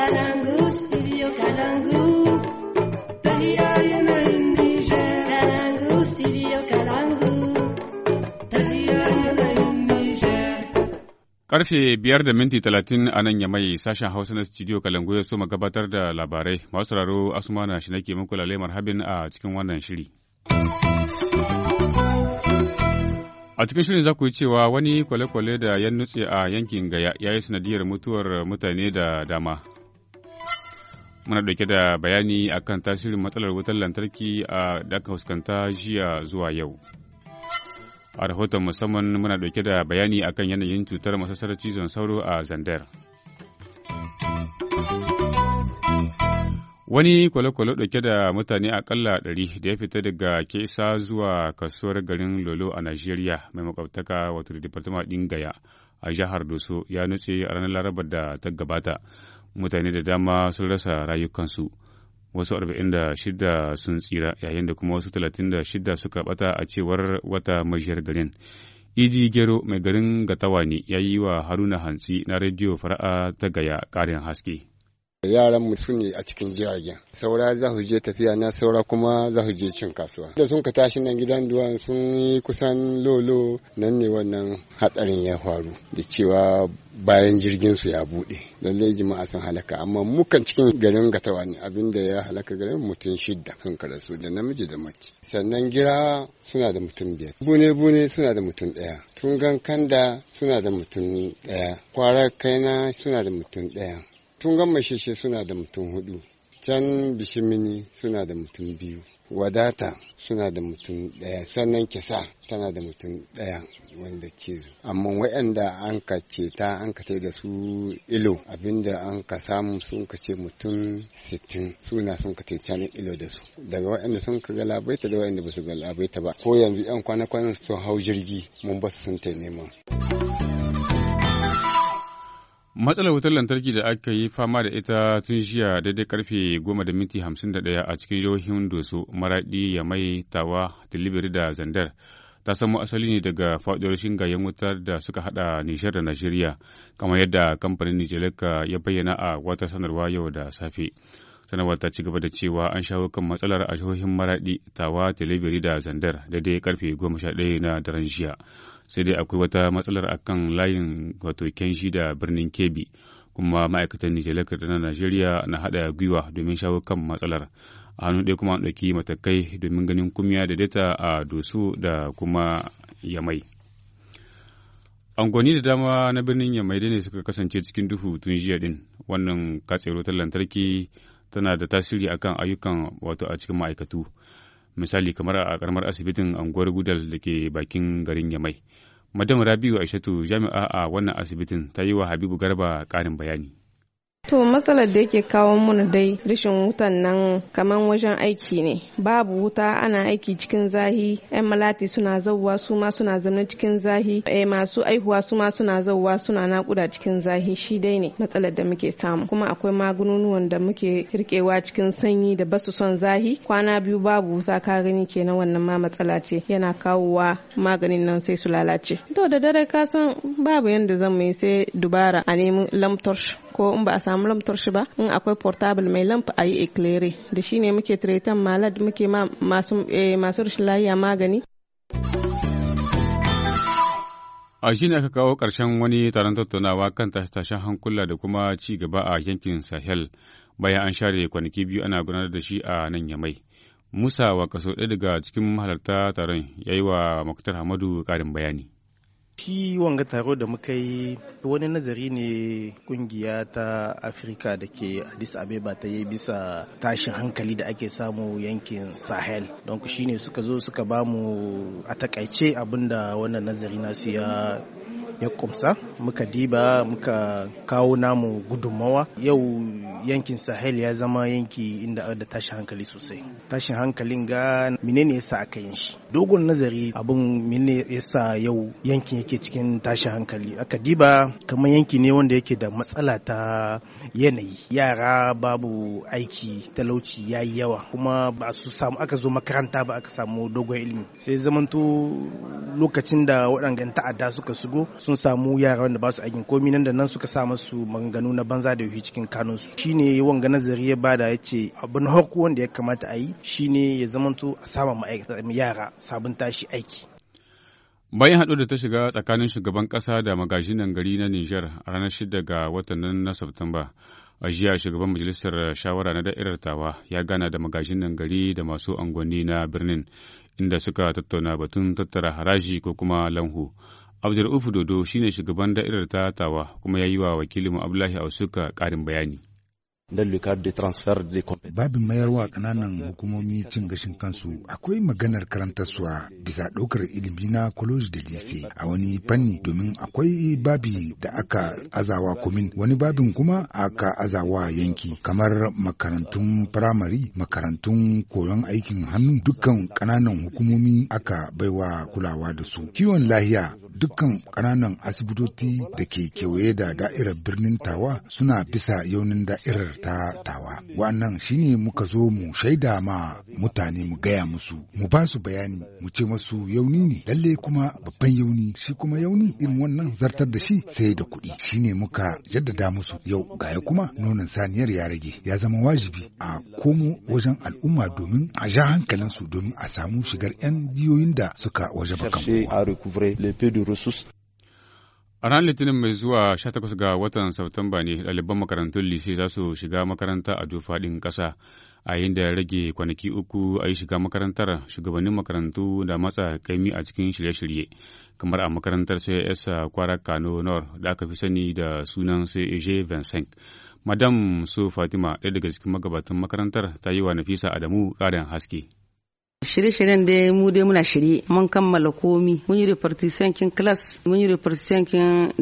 Kalangu, studio Kalangu. Kalangu, studio Karfe biyar da minti talatin a nan ya mai sashen Hausa na studio Kalangu ya ma gabatar da labarai. Masu sauraro Asumana shi nake muku lalai marhabin a cikin wannan shiri. A cikin shirin za ku yi cewa wani kwale-kwale da ya nutse a yankin Gaya ya yi sanadiyar mutuwar mutane da dama. muna dauke da bayani akan tasirin matsalar wutar lantarki a aka fuskanta jiya zuwa yau a rahoton musamman muna dauke da bayani akan yanayin cutar masasar cizon sauro a zandar wani kwale-kwale dauke da mutane akalla ɗari da ya fita daga kesa zuwa kasuwar garin lolo a najeriya mai makwabtaka wato da departama ɗin gaya a jihar doso ya nutse ranar larabar da ta gabata mutane da dama sun rasa rayukansu wasu arba'in da shida sun tsira yayin da kuma wasu talatin shida suka bata a cewar wata majiyar garin iji e gero mai garin gatawa ne ya yi wa haruna hantsi na rediyo fara'a ta gaya ƙarin haske yaran mu su ne a cikin jiragen saura za su je tafiya na saura kuma za su je cin kasuwa da sun ka tashi nan gidan duwan sun yi kusan lolo nan ne wannan hatsarin ya faru da cewa bayan jirgin su ya bude lallai jima'a sun halaka amma mukan cikin garin gatawa ne abinda ya halaka garin mutum shidda sun karasu da namiji da mace sannan gira suna da mutum biyar bune bune suna da mutum daya tungan kanda suna da mutum daya kwarar kaina suna da mutum daya tungan masheshe suna da mutum hudu can bishimini suna da mutum biyu wadata suna da mutum ɗaya sannan kisa tana da mutum ɗaya wanda ce amma waɗanda an ka ta an ka da su ilo abinda an ka samu sun ka ce mutum sittin suna sun ka canin ilo da su daga waɗanda sun ka ta da waɗanda ba su ta ba ko yanzu 'yan kwana-kwanan sun hau jirgi mun ba su sun ta neman. Matsalar wutar lantarki da aka yi fama da ita tun jiya daidai karfe goma da minti hamsin da daya a cikin jihohin Doso, Maraɗi, mai Tawa, Tilibiri da Zandar. ta samo asali ne daga faɗuwar shingayen wutar da suka haɗa Nijar da Najeriya, kamar yadda kamfanin Nijeleka ya bayyana a wata sanarwa yau da safe. Sanarwar ta ci gaba da cewa an shawo kan matsalar a jihohin Maraɗi, Tawa, Talibiri da Zandar daidai karfe goma sha ɗaya na daren jiya. sai dai akwai wata matsalar akan layin wato kenshi da birnin kebi kuma ma'aikatan nijalakar na najeriya na haɗa gwiwa domin shawo kan matsalar a hannu ɗaya kuma ɗauki matakai domin ganin kumiya da data a dosu da kuma yamai angoni da dama na birnin yamai da ne suka kasance cikin duhu tun jiya din wannan katsewar ta lantarki tana da tasiri akan ayyukan wato a cikin ma'aikatu misali kamar a karamar asibitin anguwar gudal da ke bakin garin yamai madam rabiu aishatu jami'a a wannan asibitin ta yi wa habibu garba karin bayani To matsalar da yake kawo mana dai rashin wutan nan kaman wajen aiki ne. Babu wuta ana aiki cikin zahi, 'yan malati suna zauwa su ma suna zama cikin zahi, e, masu aihuwa su ma suna zauwa suna nakuda cikin zahi shi dai ne matsalar da muke samu. Kuma akwai magununuwan da muke rikewa cikin sanyi da basu son zahi, kwana biyu babu wuta ka gani kenan wannan ma matsala ce yana kawowa maganin nan sai su lalace. To da dare ka san babu yanda zan mai sai dubara a nemi lamtar ko in ba a samu lamtar shi ba in akwai portable mai lamp a yi eclaire da shi ne muke tretan malad muke eh, masu rashin lahiya magani A shi ne aka kawo ƙarshen wani taron tattaunawa kan tashe-tashen hankula da kuma ci gaba a yankin Sahel bayan an share kwanaki biyu ana gudanar da shi a nan Yamai. Musa wa kaso ɗaya daga cikin mahalarta taron ya yi wa Muktar Hamadu ƙarin bayani. Shi wanga taro da muka yi wani nazari ne kungiya ta Afirka da ke Addis Abeba ta yi bisa tashin hankali da ake samu yankin Sahel. Don shi ne suka zo suka bamu a takaice abinda wannan nazari nasu ya ya kumsa muka diba muka kawo namu gudunmawa yau yankin sahel ya zama yanki inda da tashin hankali sosai tashin hankalin ga menene yasa aka yin shi dogon nazari abin mene yasa yau yankin yake cikin tashi hankali aka diba kamar yanki ne wanda yake da matsala ta yanayi yara babu aiki talauci ya yi yawa kuma ba su samu aka zo makaranta ba aka samu dogon ilimi sai zamanto lokacin da waɗannan ta'adda suka shigo sun samu yara wanda ba su aikin komi nan da nan suka sa masu maganganu na banza da yuhi cikin su. shine wanga nazari ya bada ya ce abin harko wanda ya kamata a yi shine ya zamanto a sama yara sabon tashi aiki. Bayan haɗu da ta shiga tsakanin shugaban ƙasa da magajinan gari na Nijar a ranar shida ga watan na Satumba, a jiya shugaban majalisar shawara na da'irar tawa ya gana da magajinan gari da masu unguwanni na birnin inda suka tattauna batun tattara haraji ko kuma lanhu. Abdul Ufu Dodo shine shugaban da'irar ta tawa kuma ya yi wa wakilin Abdullahi Ausuka ƙarin bayani. da transfer da competence. Babin mayarwa ƙananan hukumomi cin gashin kansu akwai maganar a bisa ɗaukar ilimi na college da lise a wani fanni domin akwai babi da aka azawa kumin wani babin kuma aka azawa yanki kamar makarantun firamare makarantun koyon aikin hannu dukkan ƙananan hukumomi aka baiwa kulawa da su. Kiwon lahiya dukkan ƙananan asibitoci da ke kewaye da da'irar birnin tawa suna bisa yaunin da'irar ta tawa wannan shine muka zo mu shaida ma mutane mu gaya musu mu ba su bayani mu ce masu yauni ne lalle kuma babban yauni shi kuma yauni irin wannan zartar da shi sai da kuɗi shine muka jaddada musu yau gaya kuma nonon saniyar ya rage ya zama wajibi a komo wajen al'umma domin a ja hankalinsu domin a samu shigar 'yan jiyoyin da suka waje bakan A ranar Litinin mai zuwa 18 ga watan Satumba ne ɗaliban makarantun lise za su shiga makaranta a duk faɗin ƙasa a yayin da rage kwanaki uku a yi shiga makarantar shugabannin makarantu da matsa kaimi a cikin shirye-shirye kamar a makarantar esa Kwara Kano Nor da aka fi sani da sunan eje Vincent. Madam Su Fatima ɗaya daga cikin magabatan makarantar ta yi wa Nafisa Adamu ƙarin haske. Shirye-shiryen da mu dai muna shirye mun kammala komi mun yi repartition kin class mun yi repartition kin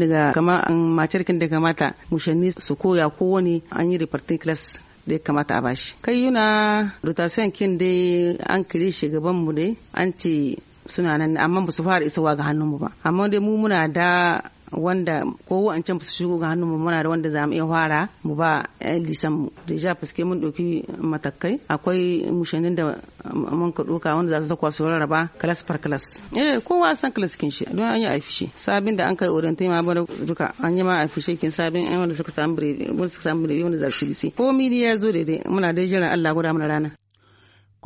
daga kama matar kin da kamata mushanni su koya kowane an yi repartition class da ya kamata a bashi. Kai yuna rotation kin dai an kire shugaban mu dai an ce suna nan amma ba su fara isowa ga hannun mu ba amma dai mu muna da wanda ko wa'ancan su shigo ga hannun mu muna da wanda za mu iya fara mu ba lisan mu deja fuske mun ɗauki matakai akwai mushanin da mun ka doka wanda za su zakwa su rarraba class per class eh kowa san class kin shi don an yi afishi sabin da an kai orientation ma bar duka an yi ma afishi kin sabin an wanda suka samu bire wanda suka samu bire wanda za su bisi ko media zo daidai muna da jiran Allah guda mana rana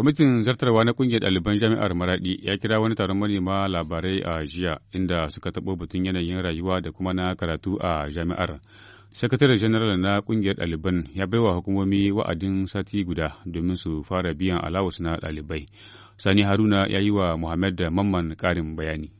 Kwamitin zartarwa na kungiyar ɗaliban jami'ar Maraɗi ya kira wani taron manema labarai a jiya inda suka taɓo batun yanayin rayuwa da kuma na karatu a jami'ar. Sakataren janaral na kungiyar ɗaliban ya bai wa hukumomi wa'adin sati guda domin su fara biyan alawus na ɗalibai. Sani Haruna ya yi wa Muhammad Mamman ƙarin bayani.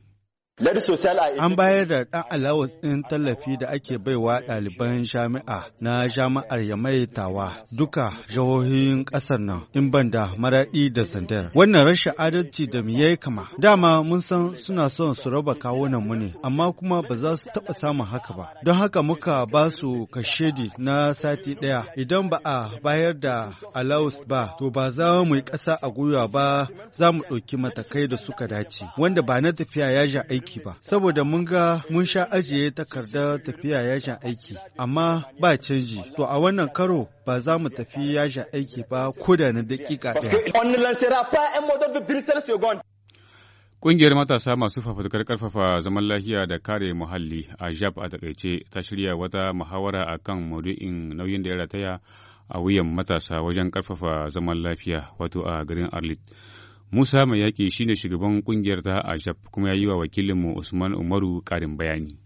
An bayar da ɗan alawas ɗin tallafi da ake baiwa ɗaliban jami'a na jami'ar Yamaitawa duka jihohin ƙasar nan in banda maraɗi da sandar. Wannan rashin adalci da mu yayi kama. Dama mun san suna son su raba kawunan mu ne, amma kuma ba za su taɓa samun haka ba. Don haka muka ba su kashedi na sati ɗaya. Idan ba a bayar da alawas ba, to ba za mu yi ƙasa a gwiwa ba za mu ɗauki matakai da suka dace. Wanda ba na tafiya ya aiki aiki ba, saboda mun ga mun sha ajiye takardar tafiya yashin aiki, amma ba canji. To a wannan karo ba za mu tafi yashin aiki ba ko da na dakika ɗaya. Ƙungiyar matasa masu fafutukar karfafa zaman lafiya da kare muhalli a jab a takaice ta shirya wata muhawara a kan maudu'in nauyin da ya rataya a wuyan matasa wajen karfafa zaman lafiya wato a garin Arlit. Musa mai yaƙi ne shugaban ƙungiyar ta Ajab kuma ya yi wa wakilinmu Usman Umaru ƙarin bayani.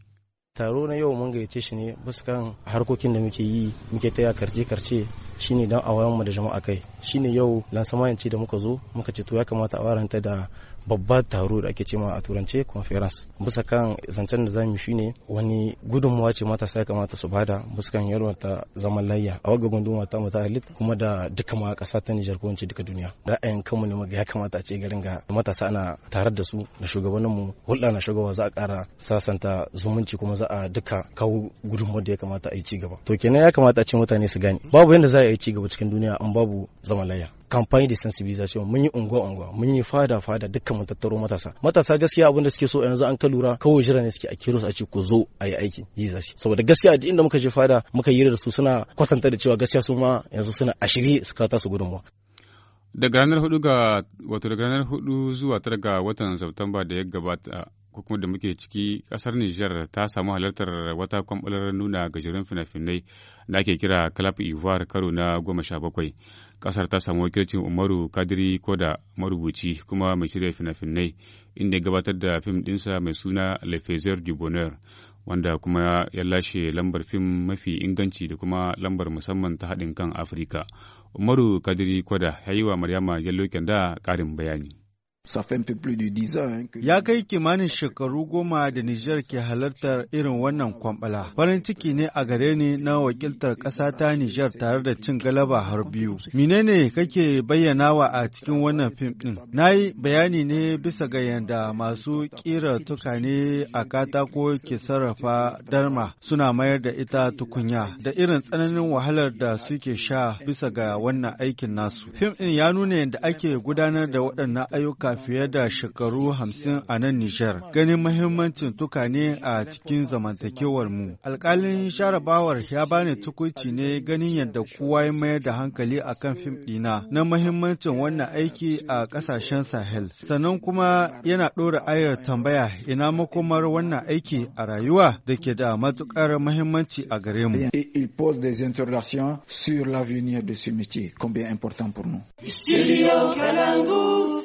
Taro na yau mun gayyace shi ne bisa kan harkokin da muke yi muke taya karce-karce shi ne don a mu da jama'a kai shi ne yau lansamayanci da muka zo muka ce to ya kamata a waranta da babba taro da ake cewa a turance conference bisa kan zancen da zamu shine wani gudunmuwa ce matasa ya kamata su bada bisa kan ta zaman layya a waga gunduma ta mata ta kuma da duka ma kasa ta Niger ko duka duniya ra'ayin kanmu ne ya kamata a ce garin ga matasa ana tare da su da shugabannin mu hulɗa na shugaba za a ƙara sasanta zumunci kuma za a duka kawo gudunmuwa da ya kamata a yi ci gaba to kenan ya kamata a ce mutane su gane babu yadda za a yi ci gaba cikin duniya an babu zaman layya kamfani de sensibilisation mun yi unguwa unguwa mun yi fada fada dukkan mun tattaro matasa matasa gaskiya abin da suke so yanzu an ka lura kawai jira ne suke a kiro su a ce ku zo a yi aiki zashi saboda gaskiya duk inda muka je fada muka yi da su suna kwatanta da cewa gaskiya su ma yanzu suna a shirye su kata su gudunmuwa daga ranar hudu ga daga zuwa tara ga watan September da ya gabata ko kuma da muke ciki kasar Nijar ta samu halartar wata kwamɓalar nuna gajeren fina-finai da ake kira Club Ivoire karo na goma sha bakwai. Kasar ta samu wakilcin Umaru Kadiri Koda marubuci kuma mai shirya fina-finai inda ya gabatar da fim ɗinsa mai suna Le Faiseur du Bonheur wanda kuma ya lashe lambar fim mafi inganci da kuma lambar musamman ta haɗin kan Afirka. Umaru Kadiri Koda ya yi wa Maryama Yallo Kenda ƙarin bayani. Ya kai kimanin shekaru goma da Nijar ke halartar irin wannan kwambala. Farin ciki ne a gare ni na wakiltar ƙasa ta Nijar tare da cin galaba har biyu. Menene kake bayyanawa a cikin wannan fim ɗin? Na yi bayani ne bisa ga yadda masu ƙira tukane a katako ke sarrafa darma suna mayar da ita tukunya da irin tsananin wahalar da suke sha bisa ga wannan aikin nasu. Fim ɗin ya nuna yadda ake gudanar da waɗannan ayyuka fiye da shekaru hamsin a nan Nijar, ganin mahimmancin tukane a cikin zamantakewar mu. Alƙalin sharabawar ya bani tukuci ne ganin yadda kowa ya mayar da hankali a kan fim ɗina na mahimmancin wannan aiki a ƙasashen Sahel. Sannan kuma yana ɗora ayar tambaya ina makomar wannan aiki a rayuwa da ke da matuƙar mahimmanci a gare mu. sur l'avenir de ce métier, combien important pour nous. Studio Kalangu.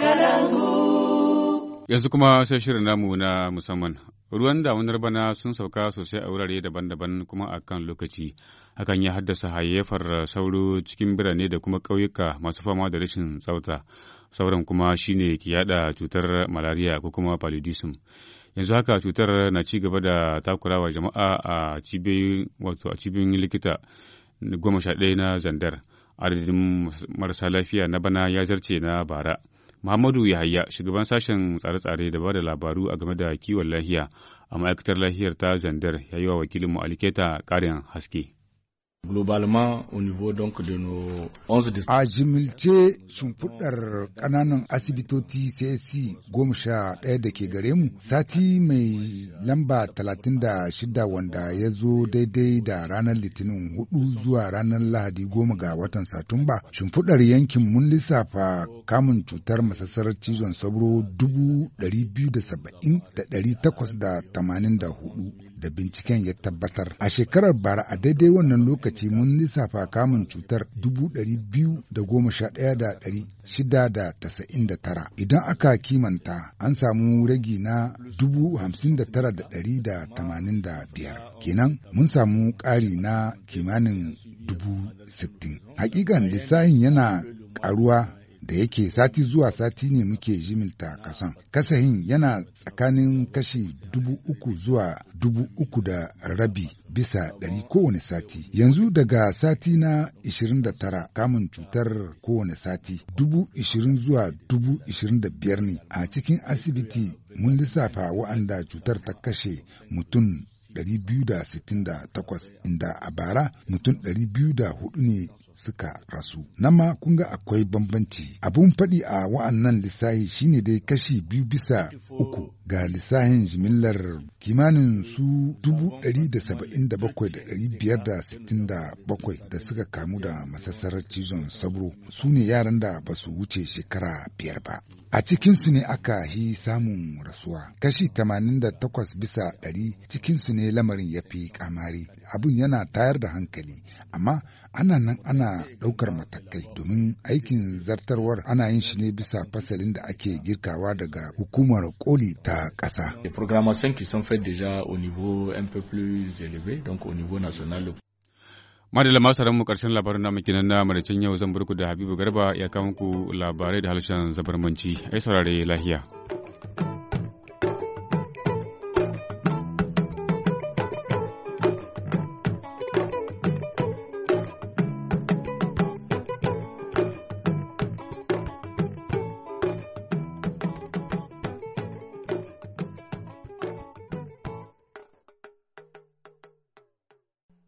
Yanzu kuma sai shirin namu na musamman. Ruwan damunar bana sun sauka sosai a wurare daban-daban kuma a kan lokaci. Hakan ya haddasa hayyafar sauro cikin birane da kuma ƙauyuka masu fama da rashin tsafta. Sauran kuma shine ke yada cutar malaria ko kuma paludism. yanzu haka cutar na ci gaba da takurawa jama'a a cibin likita goma sha ɗaya na zandar adadin marasa lafiya na bana ya zarce na bara Muhammadu Yahaya shugaban sashen tsare-tsare da bada labaru a game da kiwon lahiya a ma'aikatar lahiyar ta Zandar ya yi wa wakilinmu Aliketa ƙarin haske. globalement au niveau donc a jimilce shimfiɗar ƙananan asibitoci csc goma sha ɗaya da ke gare mu sati mai lamba talatin da shida wanda ya zo daidai da ranar litinin hudu zuwa ranar lahadi goma ga watan satumba shimfiɗar yankin mun lissafa kamun cutar masassarar cizon sauro dubu ɗari biyu da saba'in da ɗari takwas da tamanin da hudu da binciken ya tabbatar. A shekarar bara a daidai wannan lokaci mun lissafa kamun cutar dubu biyu da goma Idan aka kimanta an samu ragi na dubu hamsin Kenan mun samu ƙari na kimanin dubu sittin. Hakikan lissahin yana ƙaruwa da yake sati zuwa sati ne muke jimilta kasan. Kasahin yana tsakanin kashi dubu uku zuwa dubu uku da rabi bisa ɗari kowane sati. Yanzu daga sati na 29 kamun cutar kowane sati dubu ishirin zuwa dubu ishirin da biyar ne a cikin asibiti mun lissafa wa'anda cutar ta kashe mutum 268 inda a bara mutum 204 ne suka rasu. na ma kun ga akwai bambanci. Abun faɗi a wa'annan lissahi shine dai kashi biyu bisa uku ga lissahin jimillar kimanin su dubu ɗari da saba'in da bakwai da ɗari biyar da sittin da bakwai da suka kamu da masassarar cizon sabro su ne yaran da ba su wuce shekara biyar ba. A cikin su ne aka yi samun rasuwa. Kashi 88 bisa 100 su ne lamarin ya fi kamari. Abun yana tayar da hankali, amma ana nan ana ɗaukar matakai domin aikin zartarwar ana yin shi ne bisa fasalin da ake girkawa daga hukumar koli ta ƙasa. qui déjà madalla masu mu karshen labarin namu kinan na maraicen yau zan burku da habibu garba ya kawo ku labarai da harshen zabarmanci ai saurare lahiya